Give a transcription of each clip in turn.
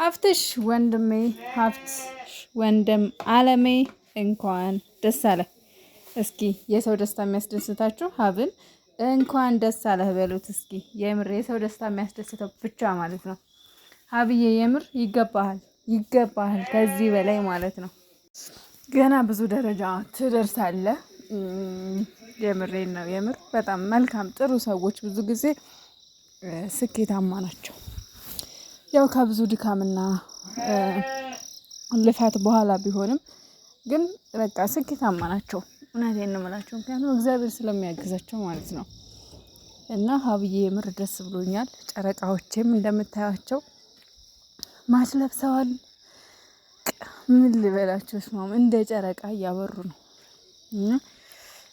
ሀብትሽ ወንድሜ ሀብትሽ ወንድም አለሜ እንኳን ደስ አለህ። እስኪ የሰው ደስታ የሚያስደስታችሁ ሀብን እንኳን ደስ አለህ በሉት። እስኪ የምር የሰው ደስታ የሚያስደስተው ብቻ ማለት ነው። ሀብዬ የምር ይገባሃል፣ ይገባሃል ከዚህ በላይ ማለት ነው። ገና ብዙ ደረጃ ትደርሳለህ። የምሬን ነው። የምር በጣም መልካም ጥሩ ሰዎች ብዙ ጊዜ ስኬታማ ናቸው። ያው ከብዙ ድካምና ልፋት በኋላ ቢሆንም ግን በቃ ስኬታማ ናቸው። እውነቴን ነው የምላቸው፣ ምክንያቱም እግዚአብሔር ስለሚያግዛቸው ማለት ነው። እና ሀብዬ የምር ደስ ብሎኛል። ጨረቃዎቼም እንደምታያቸው ማች ለብሰዋል። ምን ልበላቸው ስማም እንደ ጨረቃ እያበሩ ነው።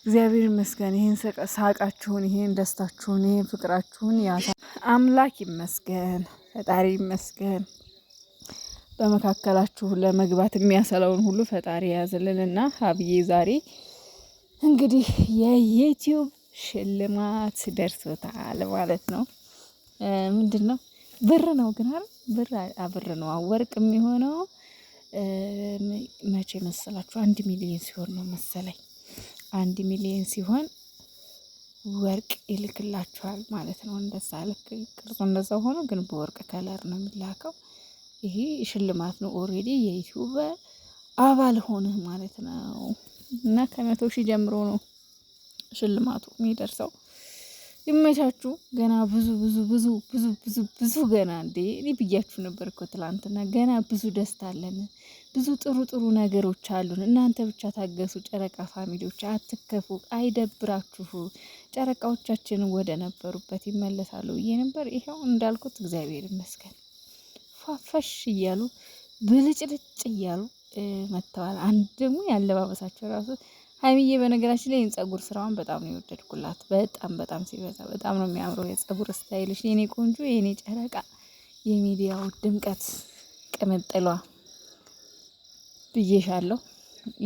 እግዚአብሔር ይመስገን ይህን ሳቃችሁን፣ ይሄን ደስታችሁን፣ ይሄን ፍቅራችሁን ያሳ አምላክ ይመስገን። ፈጣሪ ይመስገን። በመካከላችሁ ለመግባት የሚያሰለውን ሁሉ ፈጣሪ ያዝልንና ሀብዬ ዛሬ እንግዲህ የዩቲዩብ ሽልማት ደርሶታል ማለት ነው። ምንድን ነው ብር ነው ግን አይደል? ብር አብር ነው ወርቅ የሚሆነው መቼ መሰላችሁ? አንድ ሚሊዮን ሲሆን ነው መሰለኝ። አንድ ሚሊዮን ሲሆን ወርቅ ይልክላችኋል ማለት ነው። እንደዛ ልክ ቅርጹ እንደዛ ሆኖ ግን በወርቅ ከለር ነው የሚላከው። ይሄ ሽልማት ነው። ኦሬዲ የዩቲዩብ አባል ሆንህ ማለት ነው። እና ከመቶ ሺህ ጀምሮ ነው ሽልማቱ የሚደርሰው። ይመቻችሁ። ገና ብዙ ብዙ ብዙ ብዙ ብዙ ብዙ ገና እንዴ እኔ ብያችሁ ነበር እኮ ትላንትና። ገና ብዙ ደስታ አለን። ብዙ ጥሩ ጥሩ ነገሮች አሉን። እናንተ ብቻ ታገሱ። ጨረቃ ፋሚሊዎች አትከፉ፣ አይደብራችሁ። ጨረቃዎቻችን ወደ ነበሩበት ይመለሳሉ ብዬ ነበር። ይኸው እንዳልኩት እግዚአብሔር ይመስገን ፏፈሽ እያሉ ብልጭልጭ እያሉ መጥተዋል። አንድ ደግሞ ያለባበሳቸው ራሱ ሀይሚዬ በነገራችን ላይ የጸጉር ስራዋን በጣም ነው የወደድኩላት። በጣም በጣም ሲበዛ በጣም ነው የሚያምረው የጸጉር ስታይልሽ፣ የኔ ቆንጆ፣ የኔ ጨረቃ፣ የሚዲያው ድምቀት ቅምጥሏ ብዬሻለሁ።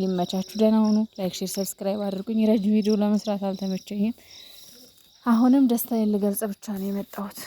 ይመቻችሁ፣ ደህና ሁኑ። ላይክ፣ ሼር፣ ሰብስክራይብ አድርጉኝ። ረጅም ቪዲዮ ለመስራት አልተመቸኝም። አሁንም ደስታዬን ልገልጽ ብቻ ነው የመጣሁት።